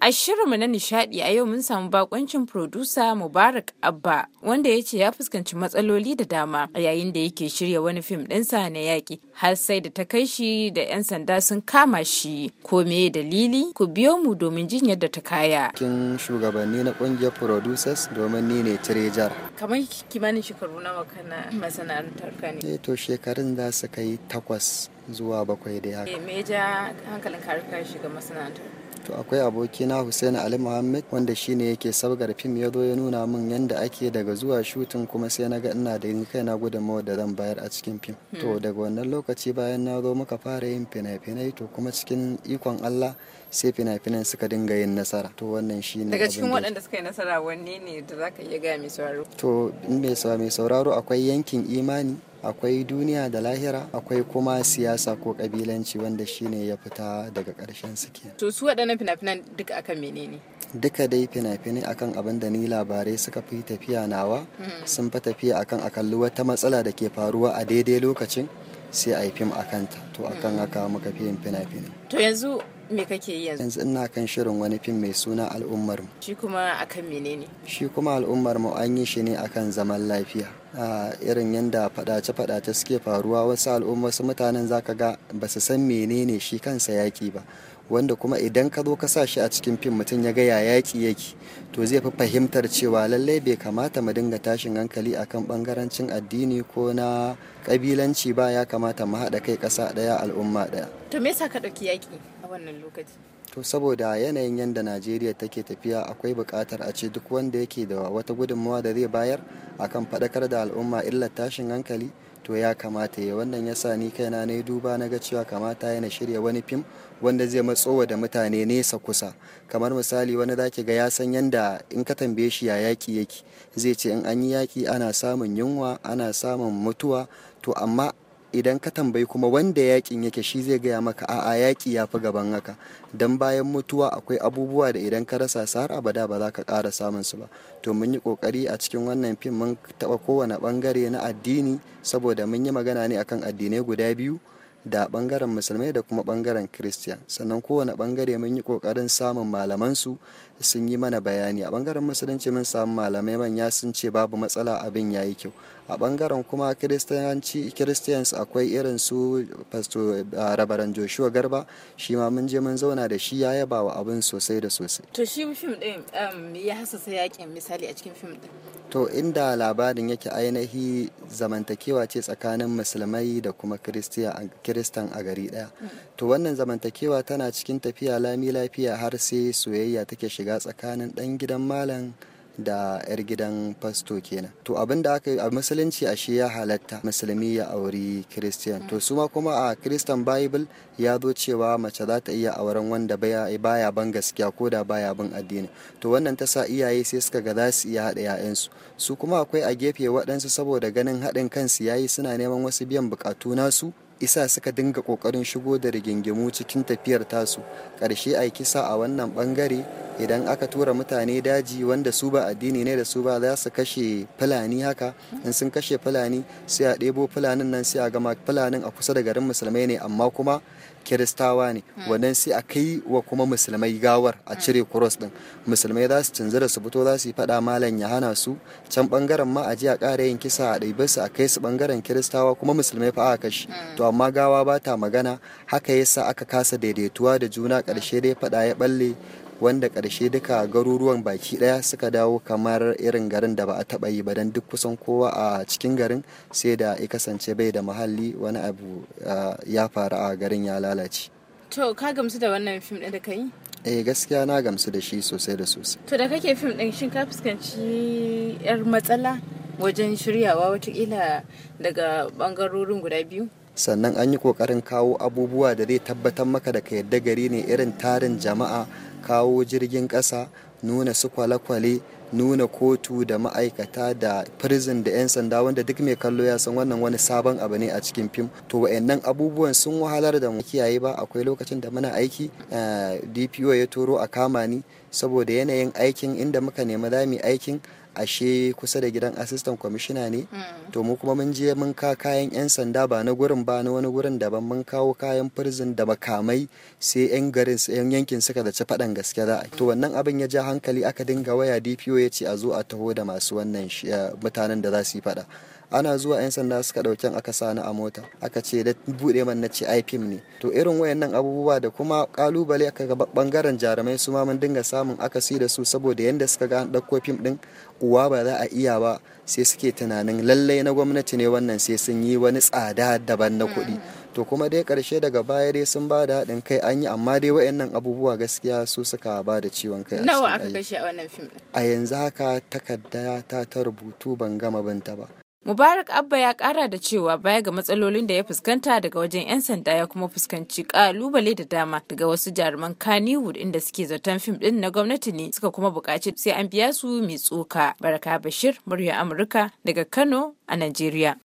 A shirinmu na nishaɗi a yau mun samu bakoncin furodusa Mubarak Abba wanda ya ce ya fuskanci matsaloli da dama a yayin da yake shirya wani fim ɗinsa na yaƙi har sai da ta kai shi da 'yan sanda sun kama shi ko me dalili ku biyo mu domin jin yadda ta kaya. Kin shugabanni na ƙungiyar producers domin ni ne Tirejar. Kamar kimanin shekaru nawa kana masana'antar ka ne? Eh to shekarun za su kai takwas zuwa bakwai da yaƙi. Eh, me ya ja hankalin ka shiga masana'antar? to akwai abokina Hussein Ali Muhammad wanda shine yake sabgar fim ya zo ya nuna min yanda ake daga zuwa shooting kuma sai na ga ina da ni kaina mawa da zan bayar a cikin fim to hmm. daga wannan lokaci bayan na zo muka fara yin fina-finai to kuma cikin ikon Allah sai fina-finan suka dinga yin nasara to wannan shine daga cikin waɗanda suka yi nasara wanne ne da zaka iya ga mai sauraro to in mai sauraro akwai yankin imani akwai duniya da lahira akwai kuma siyasa ko kabilanci wanda shine ya fita daga karshen suke to su waɗannan fina-finan duka akan menene duka dai fina-finai akan abin da ni labarai suka fi tafiya nawa hmm. sun fi tafiya akan a wata matsala da ke faruwa a daidai lokacin sai a yi fim akanta ta to akan haka muka fi yin fina-finai to yanzu me kake yi yanzu yanzu ina kan shirin wani fim mai suna al'ummar mu shi kuma akan menene shi kuma al'ummar mu an yi shi ne akan zaman lafiya a irin yadda fadace-fadace suke faruwa wasu al'ummar wasu mutanen zaka ga ba su san menene shi kansa yaki ba wanda kuma idan ka zo ka sa shi a cikin fim mutum ya ga ya yaƙi yake to zai fi fahimtar cewa lallai bai kamata mu dinga tashin hankali akan bangarancin addini ko na kabilanci ba ya kamata mu haɗa kai ƙasa ɗaya al'umma ɗaya. To me yasa ka ɗauki yaƙi a wannan lokaci? To saboda yanayin yadda Najeriya take tafiya akwai buƙatar a ce duk wanda yake da wata gudunmawa da zai bayar akan faɗakar da al'umma illar tashin hankali to ya kamata ya wannan ya sa ni kaina na yi duba na ga cewa kamata yana shirya wani fim wanda zai matso wa da mutane nesa kusa kamar misali wani zaki ga ya san yanda in ka tambaye shi ya yaki yake zai ce in an yi yaki ana samun yunwa ana samun mutuwa to amma idan ka tambayi kuma wanda yakin yake shi zai gaya maka a'a yaki ya fi gaban haka don bayan mutuwa akwai abubuwa da idan ka rasa su har abada ba za ka ƙara samun su ba to mun yi ƙoƙari a cikin wannan fim mun taɓa kowane ɓangare na addini saboda mun yi magana ne akan addinai guda biyu da bangaren musulmai da kuma bangaren kristiyan sannan kowane bangare mun yi kokarin samun malaman su sun yi mana bayani a bangaren musulunci mun samu malamai manya sun ce babu matsala abin ya yi kyau a bangaren kuma kiristiyanci kiristiyans akwai irin su pastor eh, rabaran joshua garba shi ma mun je mun zauna da shi ya yaba wa abin sosai da sosai to shi fim din um, ya hasasa yakin misali a cikin fim din to inda labarin yake ainihi zamantakewa ce tsakanin musulmai da kuma kiristan a gari daya to wannan zamantakewa tana cikin tafiya lami lafiya har sai soyayya take shiga tsakanin dan gidan malam da 'yar gidan fasto kenan to abin da aka yi a musulunci ashe ya halatta musulmi ya auri christian to su ma kuma a christian bible ya zo cewa mace za ta iya auren wanda baya ban gaskiya ko da baya bin addini to wannan ta sa iyaye sai suka ga za su iya haɗa 'ya'yansu su kuma akwai a gefe waɗansu saboda ganin haɗin kansu yayi suna neman wasu biyan bukatu nasu isa suka dinga ƙoƙarin shigo da rigingimu cikin tafiyar tasu ƙarshe a kisa a wannan bangare idan aka tura mutane daji wanda su ba addini ne da su ba za su kashe fulani haka in sun kashe fulani sai a ɗebo fulanin nan sai a gama fulanin a kusa da garin musulmai ne amma kuma kiristawa ne hmm. wannan sai a kai wa kuma musulmai gawar a hmm. cire kuros din musulmai za su cinzira su fito za su yi faɗa malam ya hana su can bangaren ma a ji a ƙara yin kisa a ɗaibe su a kai su bangaren kiristawa kuma musulmai fa a kashi hmm. to amma gawa ba ta magana haka yasa aka kasa daidaituwa da juna karshe dai faɗa ya balle wanda ƙarshe duka garuruwan baki ɗaya suka dawo kamar irin garin da ba a taɓa yi ba don duk kusan kowa a cikin garin sai da ya kasance bai da muhalli wani abu ya faru a garin ya lalace. To ka gamsu da wannan fim ɗin da ka yi? Eh gaskiya na gamsu da shi sosai da sosai. To da kake fim ɗin shin ka fuskanci 'yar matsala wajen shiryawa watakila daga bangarorin guda biyu? sannan an yi kokarin kawo abubuwa da zai tabbatar maka da ka yadda gari ne irin tarin jama'a kawo jirgin ƙasa nuna su kwale-kwale nuna kotu da ma'aikata da prison da 'yan sanda wanda duk mai kallo ya san wannan wani sabon abu ne a cikin fim to wa'annan abubuwan sun wahalar da mu kiyaye ba akwai lokacin da muna aiki eh, dpo ya toro a kama ni saboda yanayin aikin inda muka nemi za aikin ashe kusa da gidan assistant commissioner ne hmm. to mu kuma mun je mun ka kayan yan sanda ba na gurin ba na wani gurin daban mun kawo kayan prison da makamai sai yan garin yan yankin suka da ci faɗan gaske za to wannan abin ya ja hankali aka dinga waya DPO ya ce a zo a taho da masu wannan eh, mutanen da za su yi faɗa ana zuwa 'yan sanda suka ɗauki aka sani a mota aka ce da buɗe man na ce ai fim ne to irin wayannan abubuwa da kuma kalubale aka ga bangaren jarumai su ma mun dinga samun akasi da su saboda yadda suka ga an ɗauko fim ɗin uwa ba za a iya ba sai suke tunanin lallai na gwamnati ne wannan sai sun yi wani tsada daban na kuɗi mm. to kuma dai karshe daga baya dai sun ba da haɗin kai an yi amma dai wayannan abubuwa gaskiya su suka ba da ciwon kai a wannan fim a yanzu haka takarda ta ta rubutu ban gama binta ba Mubarak Abba ya kara da cewa baya ga matsalolin da ya fuskanta daga wajen 'yan sanda ya kuma fuskanci kalubale da dama daga wasu jaruman Kannywood inda suke zaton fim din na gwamnati ne suka kuma bukaci sai an biya su mai tsoka. Baraka Bashir, murya Amurka daga Kano a Najeriya.